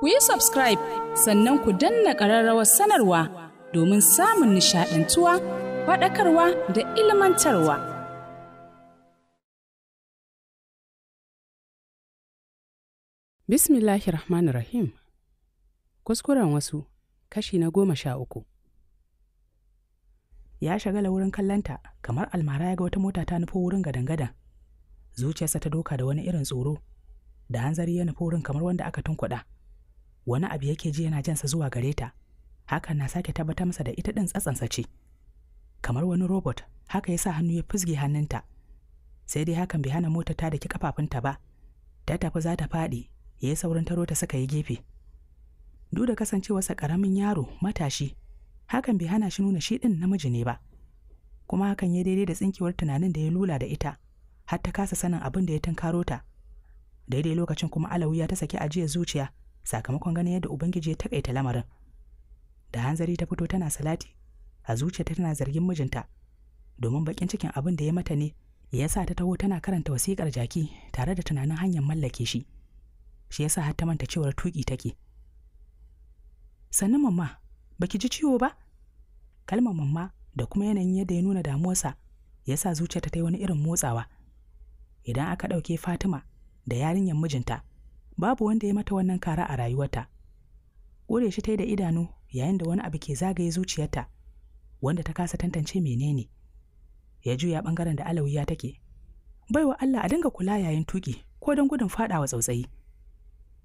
ku yi subscribe sannan ku danna ƙararrawar sanarwa domin samun nishaɗantuwa faɗakarwa da ilmantarwa. Bismillahir Rahmanir Rahim Kuskuren wasu kashi na goma sha uku. Ya shagala wurin kallanta kamar almara ya ga wata mota ta nufo wurin gadan-gadan. Zuciyarsa ta doka da wani irin tsoro, da hanzari ya nufo wurin kamar wanda aka tunkuɗa. wani abu yake ji yana jansa zuwa gare ta hakan na sake tabbatar masa da ita din tsatsansa ce kamar wani robot haka ya sa hannu ya fizge hannunta sai dai hakan bai hana motar ta da ki kafafunta ba ta tafi za ta faɗi ya yi saurin taro ta suka yi gefe duk da kasancewarsa karamin yaro matashi hakan bai hana shi nuna shi din namiji ne ba kuma hakan ya daidai da tsinkewar tunanin da ya lula da ita har ta kasa sanin abin da ya tunkaro ta daidai lokacin kuma alawiya ta saki ajiyar zuciya sakamakon ganin yadda ubangiji ya takaita lamarin da hanzari ta fito tana salati a zuciyarta tana zargin mijinta domin bakin cikin abin da ya mata ne ya sa ta taho tana karanta wasikar jaki tare da tunanin hanyar mallake shi shi yasa har ta manta cewar tuƙi take sannan mamma baki ji ciwo ba kalmar mamma da kuma yanayin yadda ya nuna damuwarsa ya sa zuciyarta ta yi wani irin motsawa idan aka ɗauke fatima da yarinyar mijinta babu wanda ya mata wannan kara a rayuwarta ƙure shi ta yi da idanu yayin da wani abu ke zagaye zuciyarta wanda ta kasa tantance menene ya juya ɓangaren da alawiya take baiwa Allah a dinga kula yayin tuki ko don gudun faɗawa tsautsayi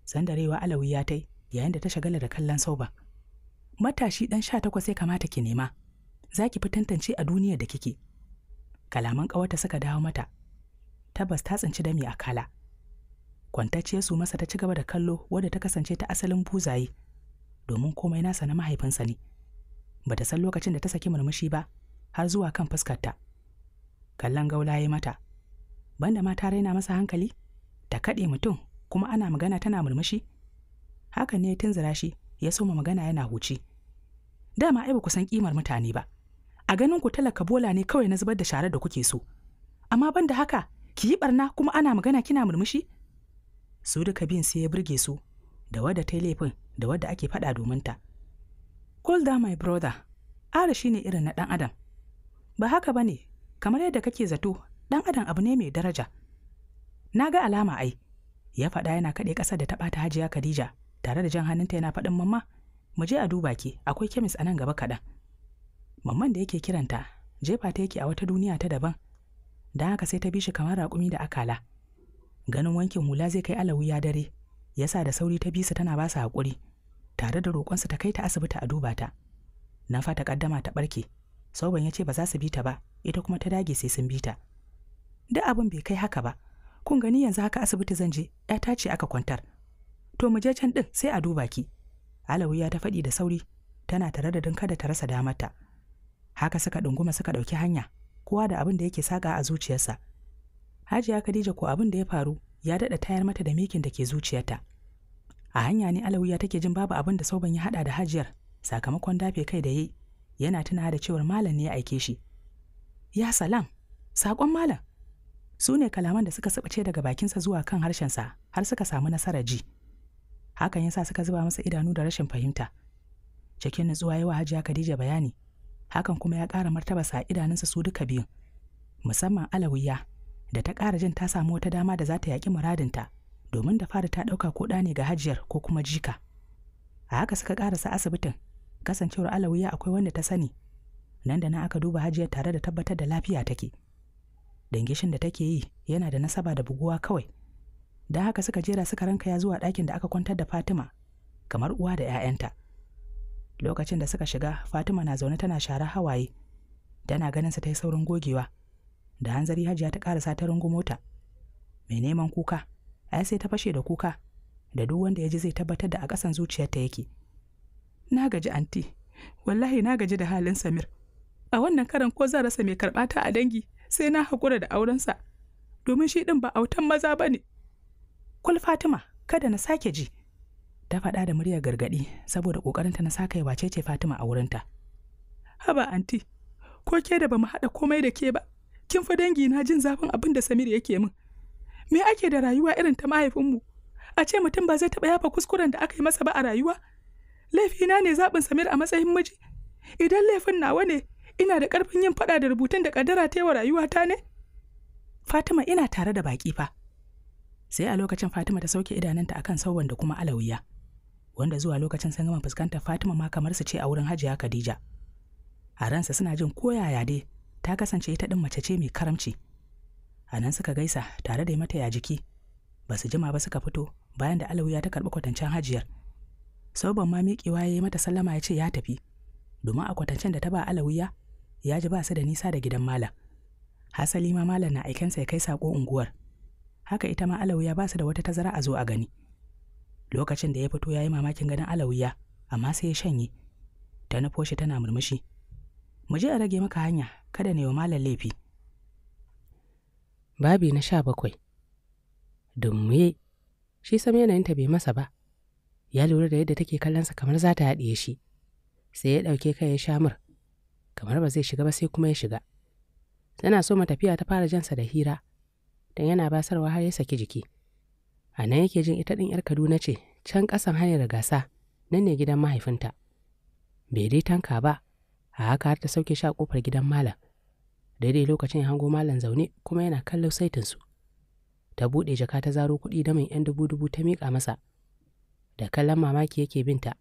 sandarewa alawiya tai yayin da ta shagala da kallon sauba. matashi ɗan sha takwas ya kamata ki nema za ki fi tantance a duniyar da kike kalaman ƙawarta suka dawo mata tabbas ta tsinci dami a kala kwantacciya su masa ta ci gaba da kallo wadda ta kasance ta asalin buzaye domin komai nasa na mahaifinsa ne ba ta san lokacin da ta saki murmushi ba har zuwa kan fuskarta kallon gaula mata banda ma ta raina masa hankali ta kaɗe mutum kuma ana magana tana murmushi hakan ne ya tunzura shi ya soma magana yana huci dama ai ba ku san kimar mutane ba a ganin ku talaka bola ne kawai na zubar da sharar da kuke so amma banda haka ki yi barna kuma ana magana kina murmushi su duka bin sai ya burge su da wadda ta laifin da wadda ake faɗa domin ta Golda my brother, ara shi ne irin na ɗan adam. Ba haka ba ne, kamar yadda kake zato, ɗan adam abu ne mai daraja. Na ga alama ai, ya faɗa yana kaɗe ƙasa da ta ɓata hajiya Khadija tare da jan hannunta yana faɗin mamma, mu je a duba ke akwai kemis a nan gaba kaɗan. Mamman da yake kiranta, jefa ta yake a wata duniya ta daban, don haka sai ta bi shi kamar raƙumi da akala. ganin wankin hula zai kai alawi ya dare yasa da sauri ta bisa tana ba su haƙuri tare da roƙonsa ta kai ta asibiti a duba ta na fata ƙaddama ta ɓarke sauban ya ce ba za su bi ta ba ita kuma ta dage sai sun bi ta duk abin bai kai haka ba kun gani yanzu haka asibiti zan je ta ce aka kwantar to mu je can ɗin sai a duba ki ya ta faɗi da sauri tana tare da kada ta rasa damarta haka suka ɗunguma suka ɗauki hanya kowa da abin da yake saƙa a zuciyarsa hajiya khadija ko abin da ya faru ya daɗa tayar mata da mikin da ke zuciyarta a hanya ne alawiya take jin babu abin da sauban ya haɗa da hajiyar sakamakon dafe kai da yi yana tuna da cewar malam ne ya aike shi ya salam saƙon malam su ne kalaman da suka suɓace daga bakinsa zuwa kan harshensa har suka samu nasarar ji hakan ya sa suka zuba masa idanu da rashin fahimta cikin nutsuwa yawa hajiya khadija bayani hakan kuma ya kara martabasa a idanunsa su duka biyun musamman alawiya da ta ƙara jin ta samu wata dama da za ta yaƙi muradinta domin da fara ta ɗauka ko ɗane ga hajiyar ko kuma jika a haka suka ƙarasa asibitin kasancewar alawiya akwai wanda ta sani nan da nan aka duba hajiyar tare da tabbatar da lafiya take dangishin da take yi yana da nasaba da buguwa kawai da haka suka jera suka ranka ya zuwa ɗakin da aka kwantar da fatima kamar uwa da 'ya'yanta lokacin da suka shiga fatima na zaune tana shara hawaye tana ganin sa ta yi saurin gogewa da hanzari hajiya ta karasa ta rungumota mai neman kuka ai sai ta fashe da kuka da duk wanda ya ji zai tabbatar da a ƙasan zuciyarta yake na gaji anti wallahi na gaji da halin samir a wannan karan ko zan rasa mai karɓa ta a dangi sai na haƙura da aurensa domin shi ɗin ba autan maza ba ne kul fatima kada na sake ji ta faɗa da muryar gargaɗi saboda ƙoƙarinta na saka wacece fatima a wurinta haba anti ko ke da ba mu haɗa komai da ke ba kin fa dangi na jin zafin abin da Samir yake min. Me ake da rayuwa irin ta mahaifinmu? A ce mutum ba zai taɓa yafa kuskuren da aka yi masa ba a rayuwa? Laifina ne zaɓin Samir a matsayin miji? Idan laifin nawa ne, ina da ƙarfin yin faɗa da rubutun da ƙaddara ta yi wa rayuwata ne? Fatima ina tare da baƙi fa. Sai a lokacin Fatima ta sauke idanunta akan sauwan da kuma alawiya. Wanda zuwa lokacin sun gama fuskantar Fatima ma kamar su ce a wurin Hajiya Khadija. A ransa suna jin koyaya dai ta kasance ita ɗin mace ce mai karamci a nan suka gaisa tare da mata ya jiki ba su jima ba suka fito bayan da alawiya ta karɓi kwatancen hajiyar sauban ma miƙewa ya yi mata sallama ya ce ya tafi domin a kwatancen da ta ba alawiya ya ji ba su da nisa da gidan malam hasali ma malam na aikensa ya kai sako unguwar haka ita ma alawiya ba su da wata tazara a zo a gani lokacin da ya fito ya yi mamakin ganin alawiya amma sai ya shanye ta nufo shi tana murmushi mu je a rage maka hanya kada na yi wa malam laifi babi na sha bakwai dummuye shi sam ta bai masa ba ya lura da yadda take kallonsa kamar za ta haɗiye shi sai ya ɗauke kai ya sha shamur kamar ba zai shiga ba sai kuma ya shiga tana so matafiya ta fara jansa da hira don yana basarwa har ya saki jiki a nan yake jin ita ɗin 'yar kaduna ce can ƙasan hanyar gasa nan ne gidan mahaifinta bai dai tanka ba a haka har ta sauke shi a kofar gidan malam daidai lokacin ya hango malam zaune kuma yana kallon su ta buɗe jaka ta zaro kuɗi mai yan dubu dubu ta miƙa masa da kallon mamaki yake binta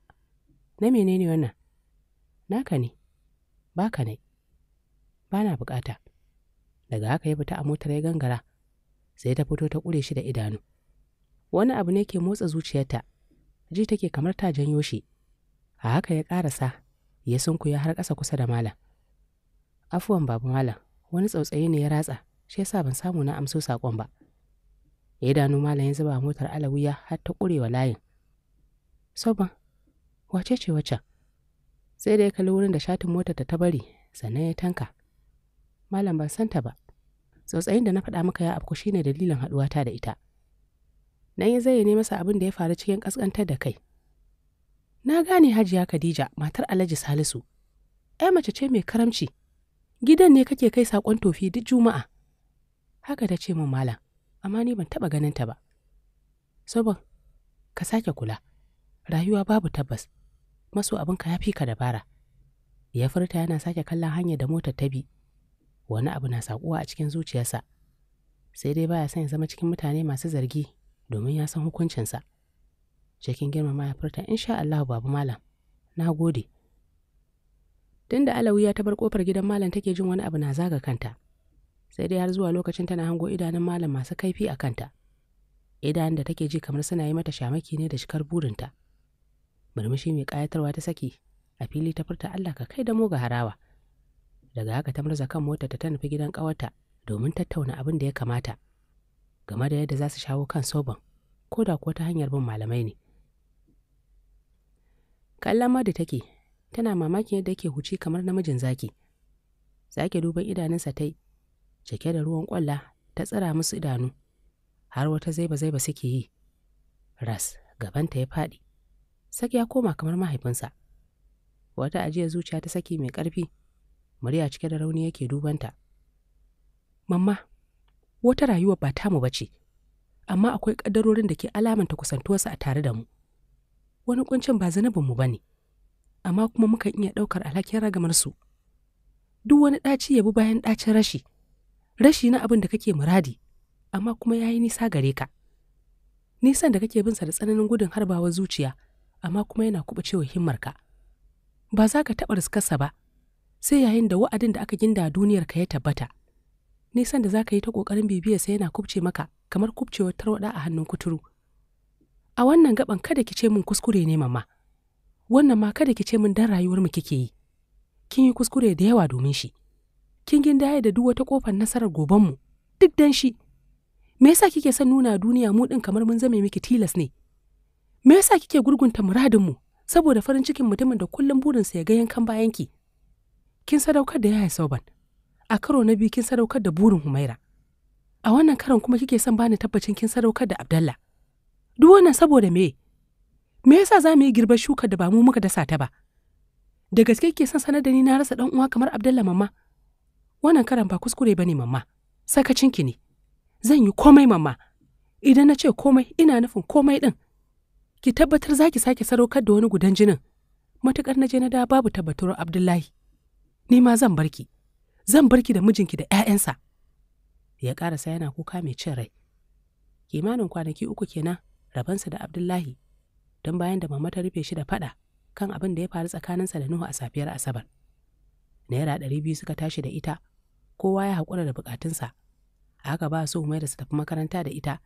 na menene wannan naka ne baka ne bana bukata daga haka ya fita a motar ya gangara sai ta fito ta ƙure shi da idanu wani abu ne ke motsa zuciyarta ji take kamar ta janyo shi a haka ya ƙarasa ya sunkuya har ƙasa kusa da malam afuwan babu malam wani tsautsayi ne ya ratsa shi yasa ban samu na amso saƙon ba idanu malam ya zuba motar alawiya har ta wa layin soban wace ce wacce sai da ya kalli wurin da shatin motar ta bari sannan ya tanka malam ban santa ba tsautsayin da na faɗa maka ya afku shine dalilin haɗuwata da ita nan ya ne masa abin da ya faru cikin ƙasƙantar da kai na gane hajiya Khadija matar Alhaji Salisu. Ai mace ce mai karamci, gidan ne kake kai saƙon tofi duk Juma'a. Haka ta ce min malam, amma ni ban taɓa ganin ta ba. Sabon, ka sake kula, rayuwa babu tabbas, maso abinka ya fi ka dabara. Ya furta yana sake kallon hanyar da motar ta bi, wani abu na saƙuwa a cikin zuciyarsa. Sai dai baya son ya zama cikin mutane masu zargi domin ya san hukuncinsa. cikin girmama ya furta insha Allah babu malam na gode tun da Alawi ya tabar kofar gidan malam take jin wani abu na zaga kanta sai dai har zuwa lokacin tana hango idanun malam masu kaifi a kanta idanun da take ji kamar suna yi mata shamaki ne da shikar burinta murmushi mai ƙayatarwa ta saki a fili ta furta Allah ka kai da mu ga harawa daga haka ta murza kan mota ta nufi gidan ƙawarta domin tattauna abin da ya kamata game da yadda za su shawo kan soban ko da kuwa ta hanyar bin malamai ne kallon da take tana mamakin yadda yake huci kamar namijin zaki Zaki duban idanunsa tai cike da ruwan kwalla ta tsira musu idanu har wata zaiba zaiba suke yi ras gabanta ya faɗi Saki ya koma kamar mahaifinsa wata ajiyar zuciya ta saki mai ƙarfi murya cike da rauni yake dubanta mamma wata rayuwa ba ta mu bace. amma akwai ƙaddarorin da ke alamanta kusantuwarsa a tare da mu wani kuncin ba mu ba ne, amma kuma muka iya ɗaukar alhakin ragamar su. Duk wani ɗaci ya bi bayan ɗacin rashi, rashi na abin da kake muradi, amma kuma yayi nisa gare ka. Nisan da kake bin sa da tsananin gudun harbawar zuciya, amma kuma yana himmar ka. Ba za ka taɓa riskarsa ba, sai yayin da wa'adin da aka ginda duniyar ka ya tabbata. Nisan da za ka yi ta ƙoƙarin bibiyarsa yana kubce maka kamar kubcewar tarwada a hannun kuturu. a wannan gaban kada ki ce min kuskure ne mama wannan ma kada ki ce min dan rayuwar mu kike yi kin yi kuskure da yawa domin shi kin gin gindaya da duk wata kofar nasarar mu duk dan shi me yasa kike son nuna duniya mu din kamar mun zame miki tilas ne me yasa kike gurgunta muradin mu saboda farin cikin mutumin da kullum burinsa ya ga yankan bayanki kin sadaukar da yaya sauban a karo na biyu kin sadaukar da burin humaira a wannan karon kuma kike son bani tabbacin kin sadaukar da abdallah duk wannan saboda me me yasa za mu yi girbar shukar da ba mu muka dasa ta ba da gaske ke son sanar da ni na rasa dan uwa kamar abdalla mamma wannan karan ba kuskure ba ne, mamma sakacin ki ne zan yi komai mamma idan na ce komai ina nufin komai din ki tabbatar za ki sake sadaukar da wani gudan jinin matukar na je na da babu tabbatar abdullahi ni ma zan barki zan barki da mijinki da 'ya'yansa ya ƙarasa yana kuka mai cin rai kimanin kwanaki uku kenan rabansa da Abdullahi don bayan da mamata rufe shi da faɗa kan abin da ya faru tsakaninsa da Nuhu a safiyar Asabar. Naira ɗari biyu suka tashi da ita, kowa ya haƙura da buƙatunsa. A haka ba su da su tafi makaranta da ita,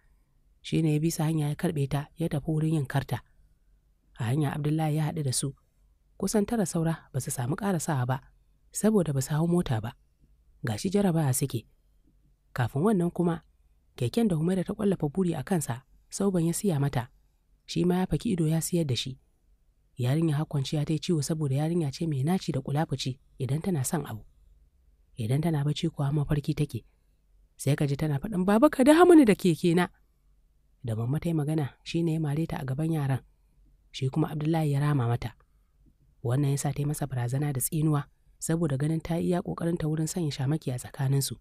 shi ne ya bi su hanya ya karɓe ta ya tafi wurin yin karta. A hanya Abdullahi ya haɗu da su, kusan tara saura ba su samu ƙarasawa ba, saboda ba su hau mota ba. Ga shi jarabawa suke. Kafin wannan kuma, keken da Humaira ta ƙwallafa buri a kansa ban ya siya mata shi ma ya faki ido ya siyar da shi yarinya hakwanciya ta yi ciwo saboda yarinya ce mai naci da kulafuci idan tana son abu idan tana bacci kuwa mafarki take sai ka ji tana faɗin baba ka da mini da keke na da mamma ta yi magana shi ne ya mare ta a gaban yaran shi kuma abdullahi ya rama mata wannan yasa ta yi masa barazana da tsinuwa saboda ganin ta iya ta wurin sanya shamaki a tsakaninsu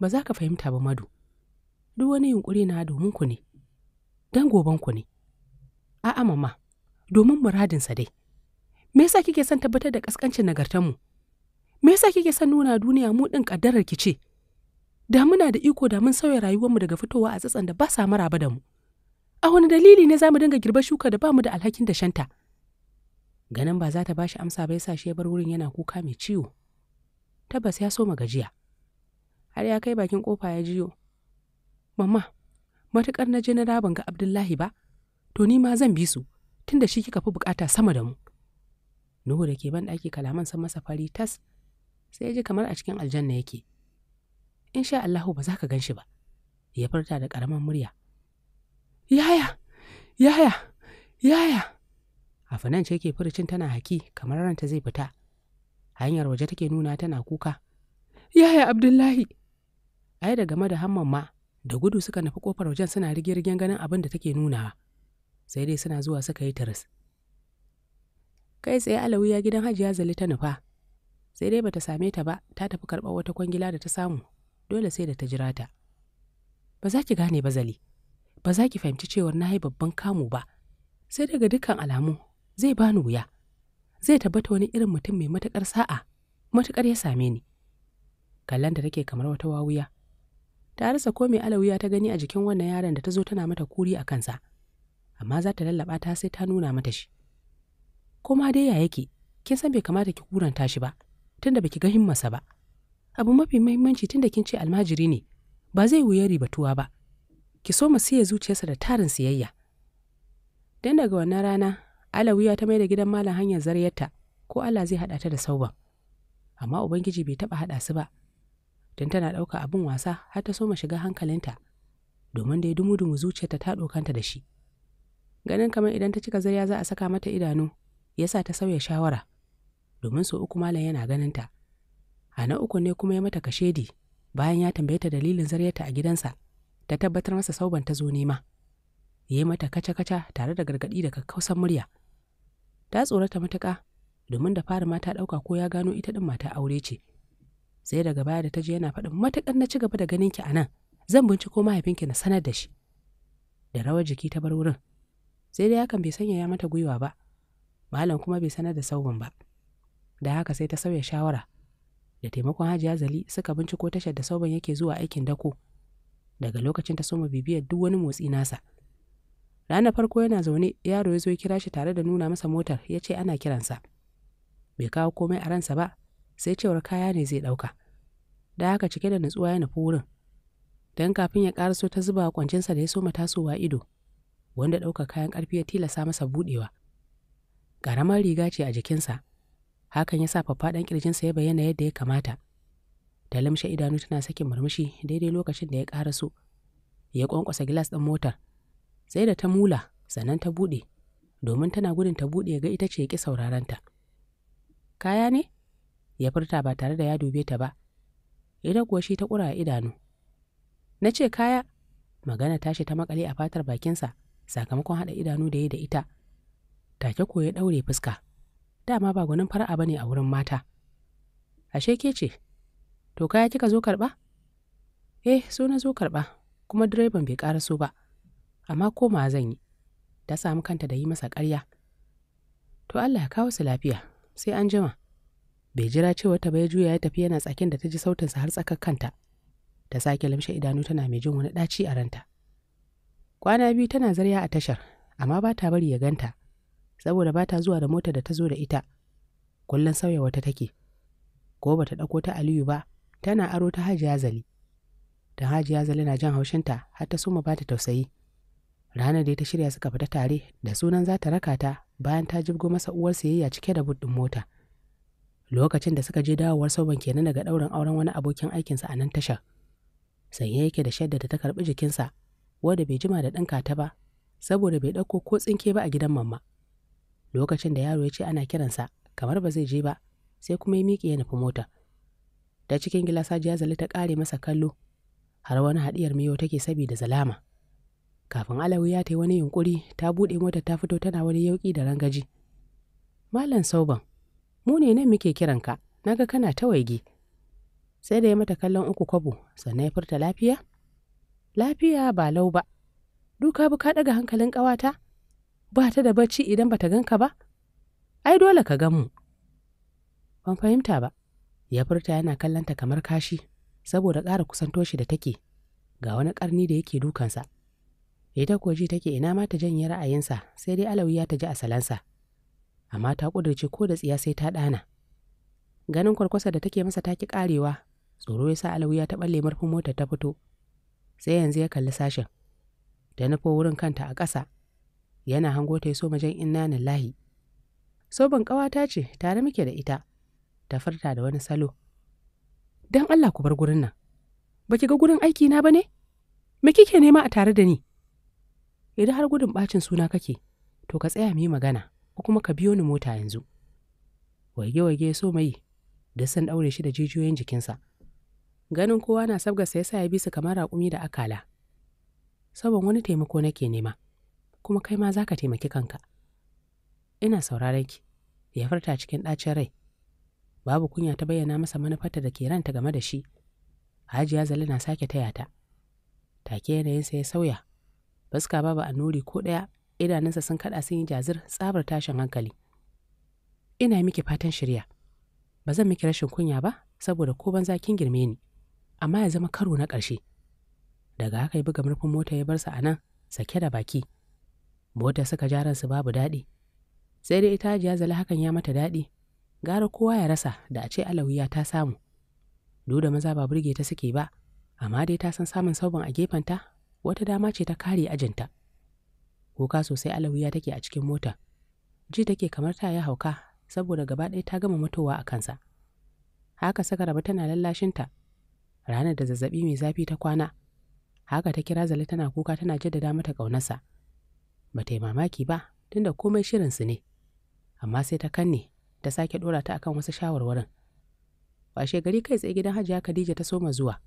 ba za ka fahimta ba madu duk wani yunkuri na domin ku ne, don goban ku ne. A'a mama, domin muradinsa dai. Me yasa kike son tabbatar da kaskancin nagartanmu? Me yasa kike son nuna duniya mu ɗin ƙaddarar ki ce? Da muna da iko da mun sauya rayuwarmu daga fitowa a tsatsan da ba sa maraba da mu. A wani dalili ne za mu dinga girbar shuka da ba mu da alhakin da shanta? Ganin ba za ta ba shi amsa ba yasa shi ya bar wurin yana kuka mai ciwo. Tabbas ya soma gajiya. Har ya kai bakin kofa ya jiyo, Mamma, matuƙar na je na da ban ga Abdullahi ba, to ni ma zan bi su, tunda shi kika fi bukata sama da mu. Nuhu da ke ban ɗaki kalaman san masa fari tas, sai ya ji kamar a cikin aljanna yake. In sha Allahu ba za ka gan shi ba, ya furta da ƙaramin murya. Yaya, yaya, yaya. fanan ce ke furucin tana haki kamar ranta zai fita. Hanyar waje take nuna tana kuka. Yaya Abdullahi, ai da game da hamman ma da gudu suka nufi kofar wajen suna rigirgen ganin abin da take nunawa sai dai suna zuwa suka yi taras kai tsaye ya gidan hajiya zali ta nufa sai dai bata same ta ba ta tafi karɓar wata kwangila da ta samu dole sai da ta jira ta ba za ki gane ba zali ba za ki fahimci cewar na yi babban kamu ba sai daga dukkan alamu zai bani wuya zai tabbata wani irin mutum mai matuƙar sa'a matuƙar ya same ni kallon da take kamar wata wawuya ta rasa ko mai alawiya ta gani a jikin wannan yaron da ta zo tana mata kuri a kansa amma za ta lallaba ta sai ta nuna mata shi Koma dai ya yake kin san bai kamata ki kuranta shi ba tunda baki ga himmasa ba abu mafi muhimmanci tunda kin ce almajiri ne ba zai wuya ribatuwa ba ki so siya zuciyarsa da tarin siyayya dan daga wannan rana alawiya ta mai da gidan malam hanyar zaryarta ko Allah zai hada ta da sauban amma ubangiji bai taɓa hada su ba don tana ɗauka abin wasa har ta soma shiga hankalinta domin dai dumu-dumu zuciyarta ta ɗokanta da shi ganin kamar idan ta cika zarya za a saka mata idanu ya sa ta sauya shawara domin sau uku malam yana ganinta a na uku ne kuma ya mata kashedi bayan ya tambaye ta dalilin zaryarta a gidansa ta tabbatar masa sauban ta zo nema ya yi mata kaca-kaca tare da gargaɗi da kakkausan murya ta tsorata matuƙa domin da fara mata ɗauka ko ya gano ita ɗin mata aure ce sai daga baya da ta je yana faɗin matuƙar na ci gaba da ganin ki a nan zan binciko mahaifinki na sanar da shi da rawar jiki ta bar wurin sai dai hakan bai sanya ya mata gwiwa ba malam kuma bai sanar da sauban ba da haka sai ta sauya shawara da taimakon hajiya zali suka binciko tashar da sauban yake zuwa aikin dako daga lokacin ta soma bibiyar duk wani motsi nasa ranar farko yana zaune yaro ya zo ya kira shi tare da nuna masa motar ya ce ana kiransa bai kawo komai a ransa ba sai cewar kaya ne zai ɗauka. Da haka cike da nutsuwa ya nufi wurin. Don kafin ya ƙara so ta zuba kwancinsa da ya so soma tasowa ido, wanda ɗaukar kayan ƙarfi ya tilasa masa buɗewa. Ƙaramar riga ce a jikinsa, hakan ya sa faffaɗan ƙirjinsa ya bayyana yadda ya kamata. Ta lamshe idanu tana sakin murmushi daidai lokacin da ya so. Ya ƙwanƙwasa gilas ɗin motar, sai da ta mula sannan ta buɗe, domin tana gudun ta buɗe ga ita ce ya ƙi saurarenta. Kaya ne? ya furta ba tare da ya dube ta ba ita kuwa shi ta ƙura idanu na ce kaya magana tashi ta makale a fatar bakinsa sakamakon haɗa idanu da ya da ita take ko ya ɗaure fuska dama ba gwanin fara'a ba ne a wurin mata ashe ke ce to kaya kika zo karɓa eh so na zo karɓa kuma direban bai ƙara so ba amma koma zan yi ta samu kanta da yi masa ƙarya to Allah ya kawo su lafiya sai an jima bai jira cewa ta bai juya ya tafi yana tsakin da ta ji sautinsa har tsakar kanta ta sake lamshe idanu tana mai jin wani ɗaci a ranta kwana biyu tana zarya a tashar amma ba ta bari ya ganta saboda ba ta zuwa da motar da ta zo da ita kullum sauya wata take ko ba ta ɗauko ta aliyu ba tana aro ta hajiya zali don hajiya zali na jan haushinta har ta suma ba ta tausayi ranar da ta shirya suka fita tare da sunan za ta raka ta bayan ta jibgo masa uwar siyayya cike da buɗin mota lokacin da suka je dawowar sauban kenan daga ɗaurin auren wani abokin aikinsa a nan tashar sanye yake da shadda da ta karɓi jikinsa wadda bai jima da ɗinka ta ba saboda bai ɗauko ko tsinke ba a gidan mamma lokacin da yaro ya ce ana kiransa kamar ba zai je ba sai kuma ya miƙe ya nufi mota ta cikin gilasa zali ta ƙare masa kallo har wani haɗiyar miyo take sabida zalama kafin alawi ya ta yi wani yunƙuri ta buɗe motar ta fito tana wani yauƙi da rangaji malam sauban mu ne nan muke kiranka na ga kana ta waige sai da ya mata kallon uku kwabo sannan ya furta lafiya lafiya ba lau ba duka bu ka ɗaga hankalin ƙawata ba ta da bacci idan ba ta ka ba ai dole ka gan mu ban fahimta ba ya furta yana kallonta kamar kashi saboda ƙara kusanto shi da take ga wani ƙarni da yake dukansa ita kuwa ji take ina ma ta janye ra'ayinsa sai dai alawi ya ta ji a salansa amma ta kudurce ko da tsiya sai ta ɗana. Ganin kwarkwasa da take masa taki ƙarewa, tsoro ya sa alawiya ta ɓalle murfin motar ta fito. Sai yanzu ya kalli sashen. Da nufo wurin kanta a ƙasa, yana hango ta so majan inna na lahi. Soban ƙawata ce tare muke da ita, ta furta da wani salo. Don Allah ku bar gurin nan, ba ki ga gurin aiki na ba ne? Me kike nema a tare da ni? Idan har gudun ɓacin suna kake, to ka tsaya mu yi magana. ko kuma ka biyo ni mota yanzu waige ya so mai da sun ɗaure shi da jijiyoyin jikinsa ganin kowa na sabgarsa ya sa ya bi su kamar raƙumi da akala saboda wani taimako nake nema kuma kai ma za ka taimaki kanka ina sauraron ki ya furta cikin ɗacin rai babu kunya ta bayyana masa manufarta da ke ranta game da shi hajiya zali na sake taya ta take yanayinsa ya sauya fuska babu nuri ko ɗaya idanunsa sun kaɗa sun yi jazir tsabar tashin hankali ina miki fatan shirya ba zan miki rashin kunya ba saboda ko banza kin girme ni amma ya zama karo na ƙarshe daga haka ya buga murfin mota ya bar sa a nan sake da baki mota suka jaran su babu daɗi sai dai ita jiya zala hakan ya mata daɗi gara kowa ya rasa da a ce alawiya ta samu duk maza ba burge ta suke ba amma dai ta san samun sabon a gefenta wata dama ce ta kare ajinta kuka sosai alawiya take a cikin mota ji take kamar ta yi hauka saboda gaba ɗaya ta gama mutuwa a kansa haka saka raba tana lallashinta ranar da zazzaɓi mai zafi ta kwana haka ta kira zale tana kuka tana jaddada mata ƙaunarsa ba ta yi mamaki ba tunda komai shirinsu ne amma sai ta kanne ta sake ɗora ta akan wasu shawarwarin washe gari kai tsaye gidan hajiya khadija ta soma zuwa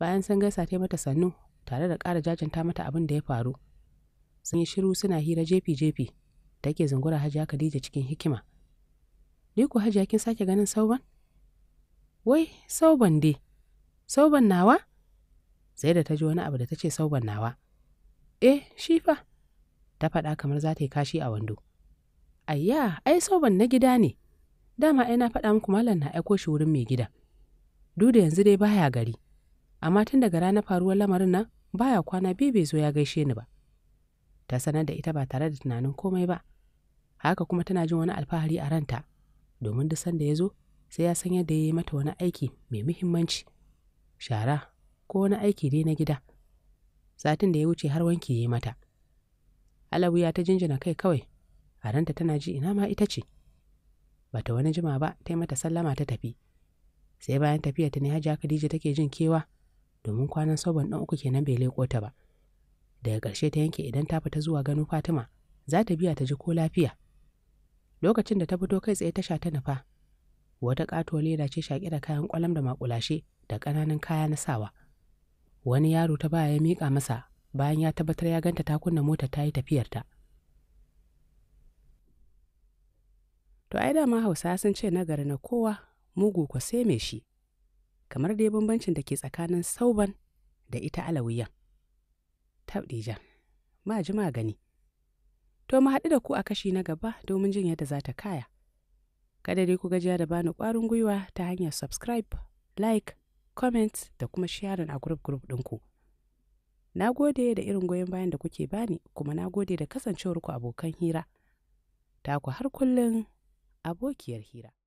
bayan sun gaisa ta mata sannu tare da ƙara jajanta mata abin da ya faru sun yi shiru suna hira jefi-jefi da ke zungura hajiya Khadija cikin hikima. Ni ku hajiya kin sake ganin sauban? Wai, sauban dai, sauban nawa? Sai da ta ji wani abu da ta ce sauban nawa. Eh, shi fa, ta faɗa kamar za ta yi kashi a wando. Ayya, ai sauban na gida ne, dama ai na faɗa muku malam na aiko shi wurin mai gida. da yanzu dai baya gari, amma tun daga ranar faruwar lamarin nan baya kwana biyu bai zo ya gaishe ni ba. ta sanar da ita ba tare da tunanin komai ba haka kuma tana jin wani alfahari a ranta domin duk sanda ya zo sai ya san yadda ya yi mata wani aiki mai muhimmanci shara ko wani aiki dai na gida satin da ya wuce har wanki ya yi mata ya ta jinjina kai kawai a ranta tana ji ina ma ita ce bata wani jima ba ta yi mata sallama ta tafi sai bayan tafiya ta ne hajiya khadija take jin kewa domin kwanan sabon ɗan uku kenan bai leƙo ta ba daga ƙarshe ta yanke idan ta fita zuwa gano fatima za ta biya ta ji ko lafiya lokacin da ta fito kai tsaye tasha ta nufa wata ƙato leda ce shaƙi da kayan ƙwalam da maƙulashe da ƙananan kaya na sawa wani yaro ta baya ya miƙa masa bayan ya tabbatar ya ganta ta kunna mota ta yi tafiyarta to ai dama hausa sun ce nagari na kowa mugu kwa sai mai shi kamar dai bambancin da ke tsakanin sauban da ita alawiyan tabdija ma ji magani to mu haɗu da ku a kashi na gaba domin jin yadda za ta kaya kada dai ku gajiya da bani ƙwarin gwiwa ta hanyar subscribe like comment da kuma sharing a group group ɗinku na gode da irin goyon bayan da kuke bani kuma na gode da kasancewarku abokan hira ta ku har kullum abokiyar hira